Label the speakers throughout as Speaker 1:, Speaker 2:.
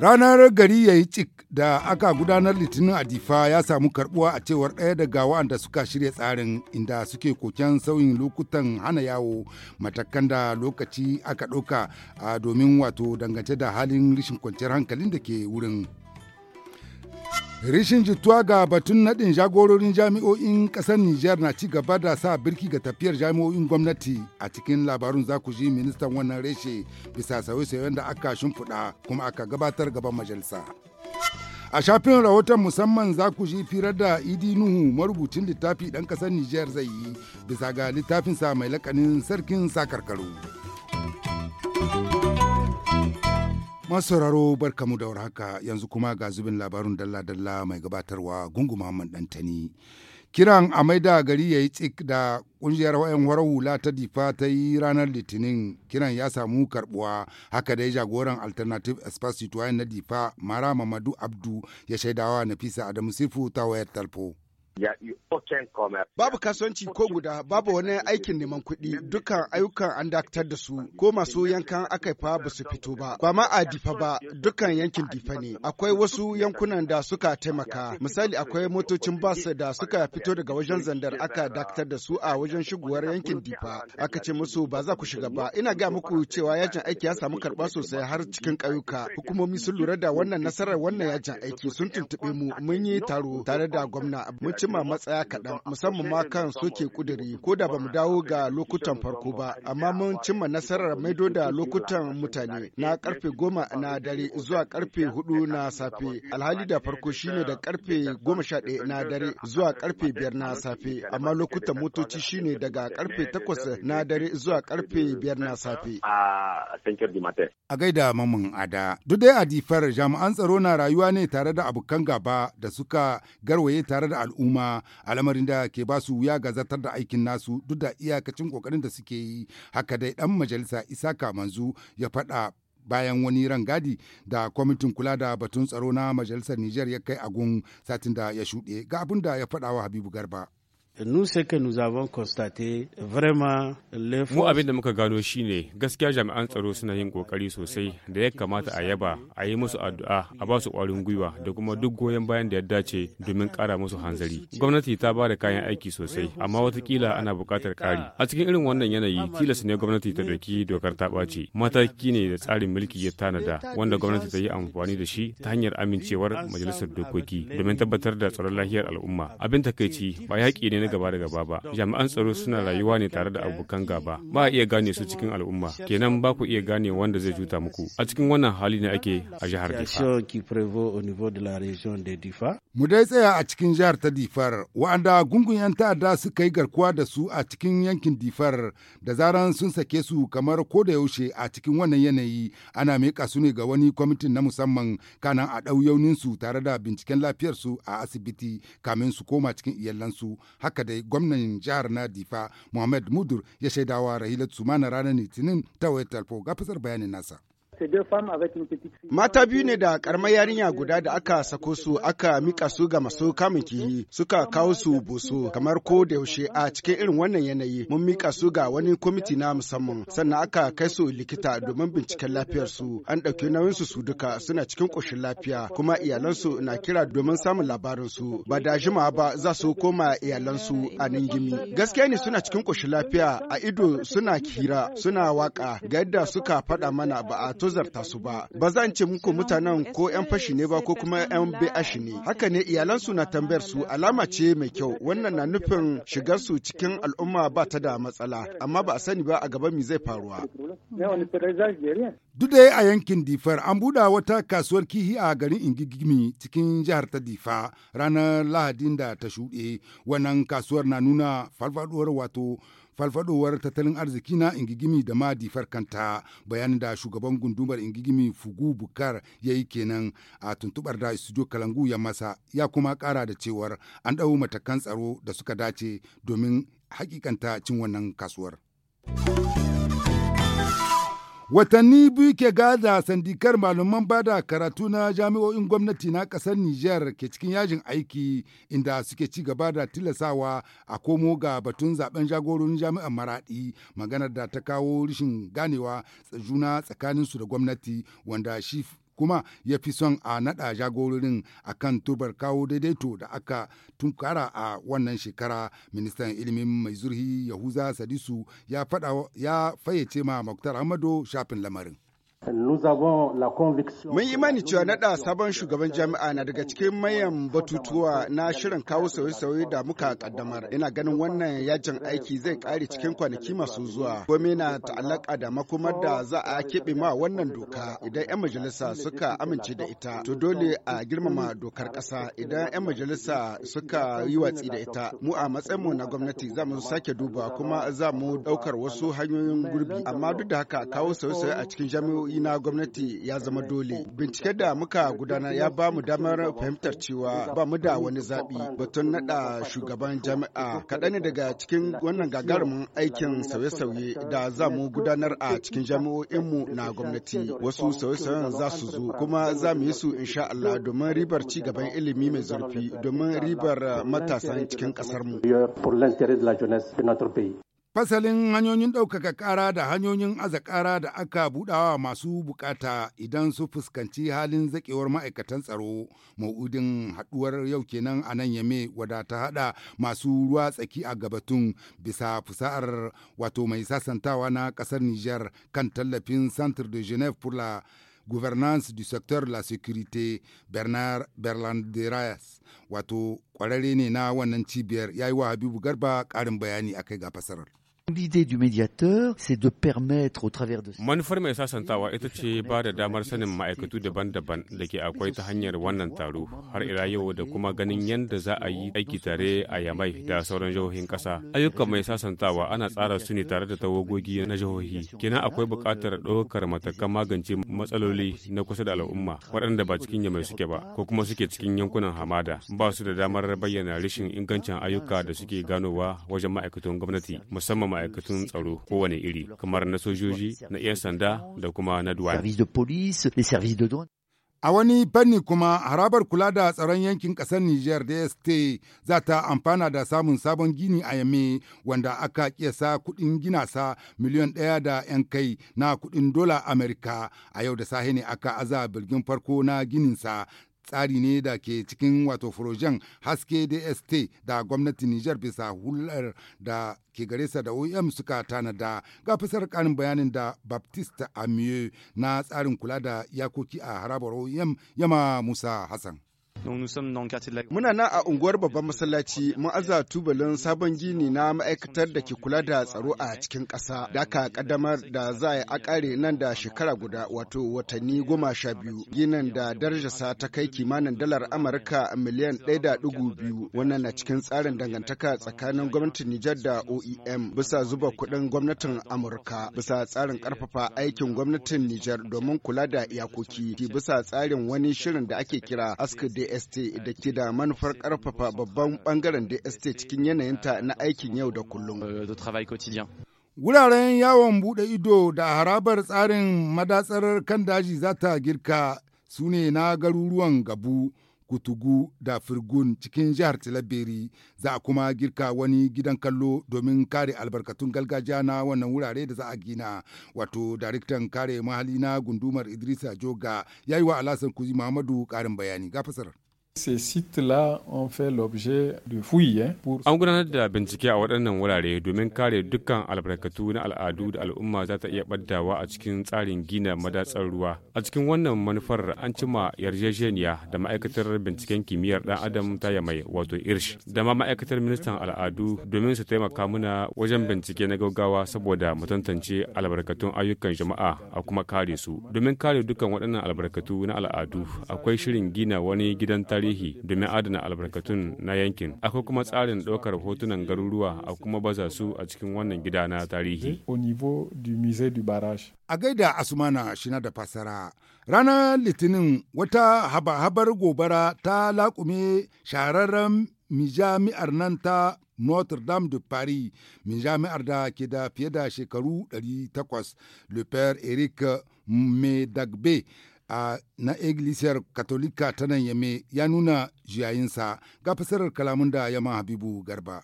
Speaker 1: Ranar gari ya yi cik da aka gudanar litinin adifa ya samu karbuwa a cewar ɗaya daga wa'anda suka shirya tsarin inda suke koken sauyin lokutan hana yawo matakan da lokaci aka ɗauka a domin wato dangance da halin rashin kwanciyar hankalin da ke wurin. Rishin jituwa ga batun naɗin jagororin jami'o'in ƙasar Nijar na ci gaba da sa birki ga tafiyar jami'o'in gwamnati a cikin labarun za ku ji ministan wannan reshe bisa sauye-sauyen da aka shimfiɗa kuma aka gabatar gaban majalisa. A shafin rahoton musamman za ku ji firar da Idi Nuhu marubucin littafi ɗan ƙasar Nijar zai yi bisa ga littafinsa mai lakanin sarkin sakarkaru. masauraro barkamu da haka yanzu kuma ga zubin labarin dalla-dalla mai gabatarwa gungu Muhammad Dantani. Kiran a maida gari ya yi tsik da kungiyar wayan warar hula ta difa ta yi ranar litinin kiran ya samu karbuwa haka da dai jagoran alternative espacito na difa mara mamadu abdu ya shaidawa
Speaker 2: nafisa adamu sifu ta wayar talfo. Babu kasuwanci ko guda, babu wani aikin neman kuɗi, dukkan ayyukan an dakatar da su, ko masu yankan aka fa ba su fito ba. Ba ma a difa ba, dukkan yankin difa ne. Akwai wasu yankunan da suka taimaka, misali akwai motocin bas da suka fito daga wajen zandar aka dakatar da su a wajen shigowar yankin difa. Aka ce musu ba za ku shiga ba. Ina ga muku cewa yajin aiki ya samu karɓa sosai har cikin ƙauyuka. Hukumomi sun lura da wannan nasarar wannan yajin aiki sun tuntuɓe mu mun yi taro tare da gwamna. cima matsaya kaɗan musamman ma kan soke kuduri ko da ba mu dawo ga lokutan farko ba amma mun cimma nasarar maido da lokutan mutane na karfe goma na dare zuwa karfe hudu na safe alhali da farko shine da karfe goma sha ɗaya na dare zuwa karfe biyar na safe amma lokutan motoci shine daga karfe takwas na dare zuwa karfe biyar na safe.
Speaker 1: A gaida mamman ada duk dai adifar jami'an tsaro na rayuwa ne tare da abokan gaba da suka garwaye tare da al'umma. al'umma al'amarin da ke ba su wuya ga zartar da aikin nasu duk da iyakacin kokarin da suke yi haka dai dan majalisa isaka manzu ya faɗa bayan wani rangadi da kwamitin kula da batun tsaro na majalisar Nijar ya kai agun satin da ya shuɗe ga abin da ya faɗa wa Habibu Garba. nous ce que nous avons constaté
Speaker 2: vraiment le mu abin
Speaker 3: da muka gano shine gaskiya jami'an tsaro suna yin kokari sosai da ya kamata a yaba a yi musu addu'a a ba su kwarin gwiwa da kuma duk goyon bayan da ya dace domin ƙara musu hanzari gwamnati ta ba da kayan aiki sosai amma watakila ana buƙatar ƙari a cikin irin wannan yanayi tilas ne gwamnati ta ɗauki dokar ta ɓaci mataki ne da tsarin mulki ya tanada wanda gwamnati ta yi amfani da shi ta hanyar amincewar majalisar dokoki domin tabbatar da tsaron lafiyar al'umma abin takaici ba yaƙi ne na gaba da gaba ba jami'an tsaro suna rayuwa ne tare da abokan gaba ba a iya gane su cikin al'umma kenan ba ku iya gane wanda zai juta muku a cikin wannan hali ne ake a jihar
Speaker 2: difa
Speaker 1: Mu dai tsaya a cikin jihar ta Difar, wa'anda gungun 'yan ta'adda suka yi garkuwa da su a cikin yankin Difar da zaran sun sake su kamar ko da yaushe a cikin wannan yanayi ana mika su ne ga wani kwamitin na musamman kanan a ɗau su tare da binciken lafiyarsu a asibiti kamin su koma cikin iyalansu. Haka dai gwamnan jihar na Difa Muhammad Mudur ya shaidawa Rahilat Sumana ranar Litinin ta wayar talfo ga fasar bayanin nasa.
Speaker 2: Mata biyu ne da karamar yarinya guda da aka sako su aka mika su ga masu kamun kihi suka kawo su boso kamar ko da yaushe a cikin irin wannan yanayi mun mika su ga wani kwamiti na musamman sannan aka kai su likita domin binciken lafiyar su an ɗauki nauyin su su duka suna cikin koshin lafiya kuma iyalan su na kira domin samun labarin su ba da jima ba za su koma iyalan su a ningimi gaskiya ne suna cikin koshin lafiya a ido suna kira suna waka ga yadda suka faɗa mana ba a tozarta su ba ba zan ce muku mutanen ko 'yan fashi ne ba ko kuma 'yan bi'ashi ne haka ne iyalansu na tambayar su alama ce mai kyau wannan na nufin shigar su cikin al'umma ba ta da matsala amma ba a sani ba a gaba mi zai faruwa
Speaker 1: duk da a yankin difar an buɗe wata kasuwar kihi a garin ingigimi cikin jihar ta difa ranar lahadin da ta shuɗe wannan kasuwar na nuna farfaɗuwar wato falfadowar tattalin arziki na ingigimi da ma difar kanta bayanin da shugaban gundumar ingigimi fugu bukar ya yi kenan a tuntubar da studio kalangu ya masa ya kuma kara da cewar an ɗau matakan tsaro da suka dace domin hakikanta cin wannan kasuwar. Watanni biyu ke gada sandikar malaman bada karatu na jami'o'in gwamnati na ƙasar Nijar ke cikin yajin aiki inda suke ci gaba da tilasawa a komo ga batun zaben jagoron jami'an maraɗi maganar da ta kawo rashin ganewa juna tsakaninsu da gwamnati wanda shi kuma ya fi son a naɗa jagororin a kan turbar kawo daidaito da aka tunkara a wannan shekara ministan ilimin mai zurhi yahuza sadisu ya fayyace ma muktar ahmadu shafin lamarin
Speaker 2: Mun yi mani cewa naɗa sabon shugaban jami'a na daga cikin mayan batutuwa na shirin kawo sauye-sauye da muka kaddamar. Ina ganin wannan yajin aiki zai ƙare cikin kwanaki masu zuwa. Gome na ta'allaka da makomar da za a keɓe ma wannan doka idan 'yan majalisa suka amince da ita. To dole a girmama dokar ƙasa idan 'yan majalisa suka yi watsi da ita. Mu a matsayinmu na gwamnati za mu sake duba kuma za mu ɗaukar wasu hanyoyin gurbi. Amma duk da haka kawo sauye-sauye a cikin jami'o'i na gwamnati ya zama dole. bincike da muka gudanar ya ba mu damar fahimtar cewa ba mu da wani zaɓi batun naɗa shugaban jami'a kaɗan ne daga cikin wannan gagarumin aikin sauye-sauye da za mu gudanar a cikin jami'o'inmu na gwamnati. Wasu sauye-sauyen za su zo kuma za mu yi su insha Allah domin ribar ci gaban ilimi mai zurfi domin ribar matasan cikin ƙasarmu.
Speaker 1: Fasalin hanyoyin ɗaukaka ƙara da hanyoyin aza ƙara da aka buɗawa masu buƙata idan su fuskanci halin zaƙewar ma'aikatan tsaro ma'udin haɗuwar yau kenan a nan yame wadata haɗa masu ruwa tsaki a gabatun bisa fusa'ar wato mai sasantawa na ƙasar Nijar kan tallafin Centre de Genève pour la gouvernance du secteur la sécurité Bernard Berlanderas wato ƙwararre ne na wannan cibiyar ya yi wa Habibu Garba ƙarin bayani akai ga fasarar.
Speaker 2: L'idée du médiateur, c'est de permettre au travers de...
Speaker 3: Manufar mai sasantawa ita ce ba da damar sanin ma'aikatu daban-daban da ke akwai ta hanyar wannan taro har ila yau da kuma ganin yadda za a yi aiki tare a Yamai da sauran jihohin ƙasa. Ayyukan mai sasantawa ana tsara su ne tare da tawagogi na jihohi. kina akwai buƙatar ɗaukar matakan magance matsaloli na kusa da al'umma waɗanda ba cikin Yamai suke ba ko kuma suke cikin yankunan hamada ba su da damar bayyana rashin ingancin ayyuka da suke ganowa wajen ma'aikatan gwamnati musamman ma'aikatun tsaro kowane iri kamar na sojoji na 'yan sanda da kuma na
Speaker 1: A wani fanni kuma harabar kula da tsaron yankin ƙasar Nijar DST za ta amfana da samun sabon gini a yame wanda aka kiyasa kuɗin gina sa miliyan ɗaya da 'yan kai na kuɗin dola Amerika a yau da sahi ne aka aza bilgin farko na gininsa tsari ne da ke cikin wato furojen haske dst da gwamnatin nijar bisa hular da ke garesa da oem suka tanada ga fasar karin bayanin da baptiste amieux na
Speaker 2: tsarin kula da yakoki a harabar oem yama musa hassan Muna nan a unguwar babban masallaci mun aza tubalin sabon gini na ma'aikatar da ke kula da tsaro a cikin ƙasa da ka kaddamar da za a yi a ƙare nan da shekara guda wato watanni goma sha biyu ginin da darajarsa ta kai kimanin dalar Amurka miliyan ɗaya da ɗigo biyu wannan na cikin tsarin dangantaka tsakanin gwamnatin Nijar da OEM bisa zuba kuɗin gwamnatin Amurka bisa tsarin ƙarfafa aikin gwamnatin Nijar domin kula da iyakoki bisa tsarin wani shirin da ake kira ASCDF DST da ke da manufar karfafa babban da DST cikin yanayinta na aikin yau da kullum. Wuraren yawon buɗe ido da harabar tsarin madatsar
Speaker 1: kan daji za ta girka su ne na garuruwan Gabu, Kutugu da Firgun cikin jihar Tilaberi za a kuma girka wani gidan kallo domin kare albarkatun gargajiya na wannan wurare da za a gina. Wato, daraktan kare mahali na gundumar Idrisa Joga ya yi wa Alasan Kuzi Muhammadu ƙarin bayani. Ga fasar
Speaker 2: An
Speaker 3: gudanar da bincike a waɗannan wurare domin kare dukkan albarkatu na al'adu da al'umma za ta iya ɓaddawa a cikin tsarin gina madatsar ruwa. A cikin wannan manufar an cima yarjejeniya da ma'aikatar binciken kimiyyar dan adam ta mai wato irsh da ma ma'aikatar ministan al'adu domin su taimaka muna wajen bincike na gaggawa saboda mu tantance albarkatun ayyukan jama'a a kuma kare su. Domin kare dukkan waɗannan albarkatu na al'adu akwai shirin gina wani gidan tarihi tarihi domin adana albarkatun na yankin. Akwai kuma tsarin ɗaukar hotunan garuruwa a kuma baza su a cikin wannan gida na tarihi.
Speaker 1: A gaida Asumana shina da fasara. Ranar Litinin wata haba-habar gobara ta laƙume shahararren mijami'ar nan ta Notre Dame de Paris, mijami'ar da ke da fiye da shekaru 800, Le Père Eric Medagbe. a na iglesiyar katolika ta nan yame ya nuna jiyayinsa ga fasarar kalamun da yama habibu garba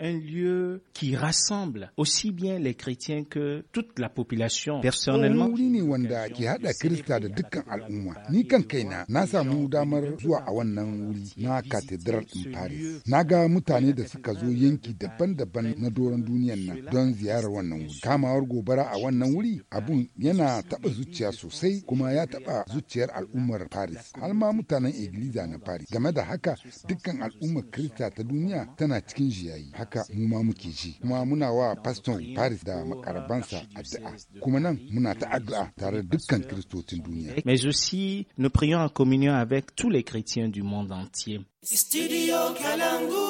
Speaker 2: un lieu qui rassemble aussi bien les chrétiens que toute la population personnellement. wuri ne wanda ke
Speaker 1: haɗa Kirista da dukkan al'umma. Ni kan kaina na samu damar zuwa a wannan wuri na Cathedral in Paris. Na ga mutane da suka zo yanki daban-daban na doron duniyan nan don ziyarar wannan wuri. Kamawar gobara a wannan wuri abun yana taɓa zuciya sosai kuma ya taɓa zuciyar al'ummar Paris. Har ma mutanen Igiliza na Paris. Game da haka dukkan al'ummar Kirista ta duniya tana cikin jiyayi. haka mu ma muke ji kuma muna wa faston Paris da makarabansa addu'a
Speaker 2: kuma nan muna ta addu'a
Speaker 1: tare da dukkan
Speaker 2: kiristocin duniya. Mais aussi nous prions en communion avec tous les chrétiens du monde entier. Studio Kalangu.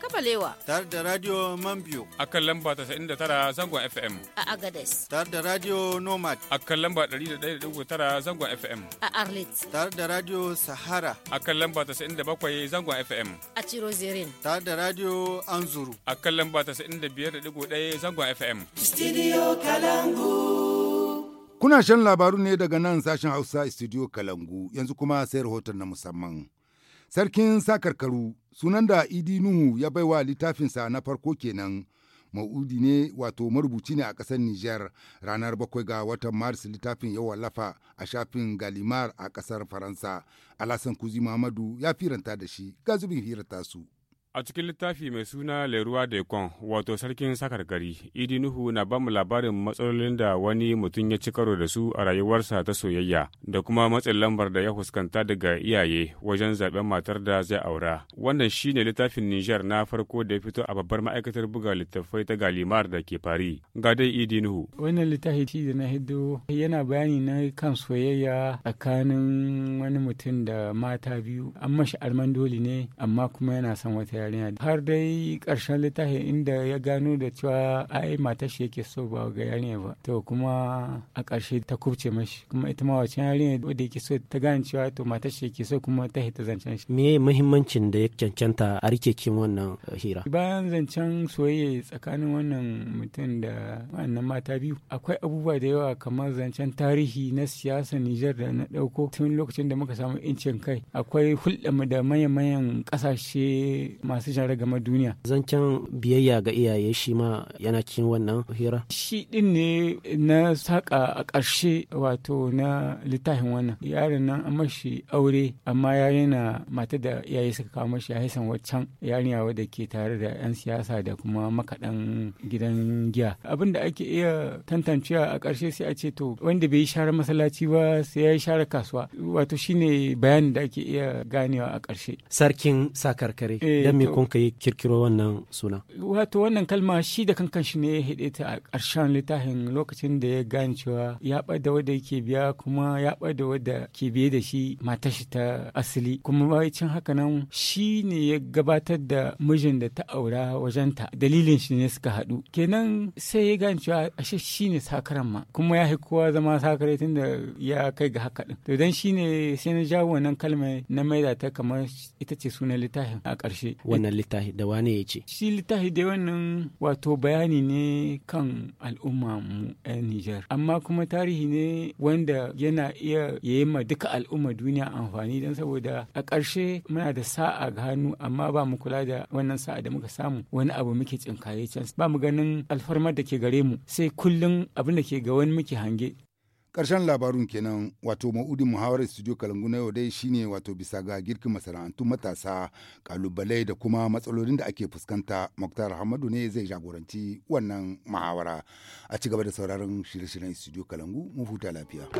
Speaker 2: Kabalewa.
Speaker 3: Tare da Radio Mambio. A kan lamba tara zangon FM.
Speaker 2: A Agades.
Speaker 3: Tare da Radio Nomad. A kan lamba tara zangon FM.
Speaker 2: A Arlit. Tare da Radio Sahara.
Speaker 3: A kan lamba bakwai
Speaker 1: zangon FM.
Speaker 4: A Chirozirin. Tare da Radio
Speaker 3: Anzuru. A kan lamba biyar 95.1 zangon FM. Studio Kalangu.
Speaker 1: Kuna shan labaru ne daga nan sashen Hausa Studio Kalangu yanzu kuma sai rahoton na musamman. Sarkin sakarkaru sunan da Idi Nuhu ya baiwa littafinsa na farko kenan. Ma'udi ne wato marubuci ne a ƙasar Nijar ranar bakwai ga watan Maris littafin ya wallafa a shafin Galimar a ƙasar Faransa. Alasan Kuzi Muhammadu ya firanta da shi ga zubin hirarta su.
Speaker 3: A cikin littafi mai suna Leruwa Kwan, wato sarkin sakar gari, Idi Nuhu na bamu labarin matsalolin da wani mutum ya ci karo da su a rayuwarsa ta soyayya da kuma matsin lambar da ya fuskanta daga iyaye wajen zaben matar da zai aura. Wannan shi ne littafin Nijar na farko da ya fito a babbar ma'aikatar buga littafai ta Galimar da ke Fari. Ga dai Idi Nuhu.
Speaker 4: Wannan littafi ci da na hiddo yana bayani na kan soyayya tsakanin wani mutum da mata biyu. An mashi armandoli ne amma kuma yana son wata yarinya har dai karshen littafin inda ya gano da cewa ai mata shi yake so ba ga yarinya ba to kuma a karshe ta kubce mashi kuma ita ma wacce yarinya da yake so ta gane cewa to mata shi yake so kuma ta hita zancen shi me muhimmancin da ya cancanta a rike kin wannan hira bayan zancen soyayya tsakanin wannan mutum da wannan mata biyu akwai abubuwa da yawa kamar zancen tarihi na siyasa Nijar da na ɗauko tun lokacin da muka samu incin kai akwai hulɗa da manya-manyan ƙasashe masu share game duniya. Zancen biyayya ga iyaye shi ma yana cikin wannan hira. Shi din ne na saka a ƙarshe wato na littafin wannan. Yaron nan an mashi aure amma ya yana mata da iyaye suka kawo mashi ya haisan waccan yarinya wadda ke tare da 'yan siyasa da kuma makaɗan gidan giya. Abin da ake iya tantancewa a ƙarshe sai a ce to wanda bai yi share masallaci ba sai ya yi share kasuwa. Wato shine bayanin da ake iya ganewa a ƙarshe. Sarkin sakarkare. Eh, ne kun yi kirkiro wannan suna wato wannan kalma shi da kankan shi ne ya haɗe ta a ƙarshen littafin lokacin da ya gane cewa ya bada wadda yake biya kuma ya bada wadda ke biye da shi mata shi ta asali kuma bayan haka nan shi ne ya gabatar da mijin da ta aura wajen ta dalilin shi ne suka haɗu kenan sai ya gane cewa ashe shi ne sakaran ma kuma ya kowa zama sakarai tun da ya kai ga haka ɗin to don shi ne sai na jawo wannan kalma na maida ta kamar ita ce sunan littafin a ƙarshe wannan littafi da wane ya ce shi littafi dai wannan wato bayani ne kan al'umma mu yan Nijar amma kuma tarihi ne wanda yana iya yayi ma duka al'umma duniya amfani don saboda a ƙarshe muna da sa'a ga hannu amma ba mu kula da wannan sa'a da muka samu wani abu muke tsinkaye can ba mu ganin alfarmar da ke gare mu sai kullum abin da ke ga wani muke hange
Speaker 1: karshen labarun kenan wato ma'udin muhawarar studio kalangu na yau dai shine wato bisa ga girkin masana'antun matasa kalubalai da kuma matsalolin da ake fuskanta muktar hamadu ne zai jagoranci wannan muhawara a ci gaba da sauraron shirye-shiryen studio kalangu mu huta lafiya.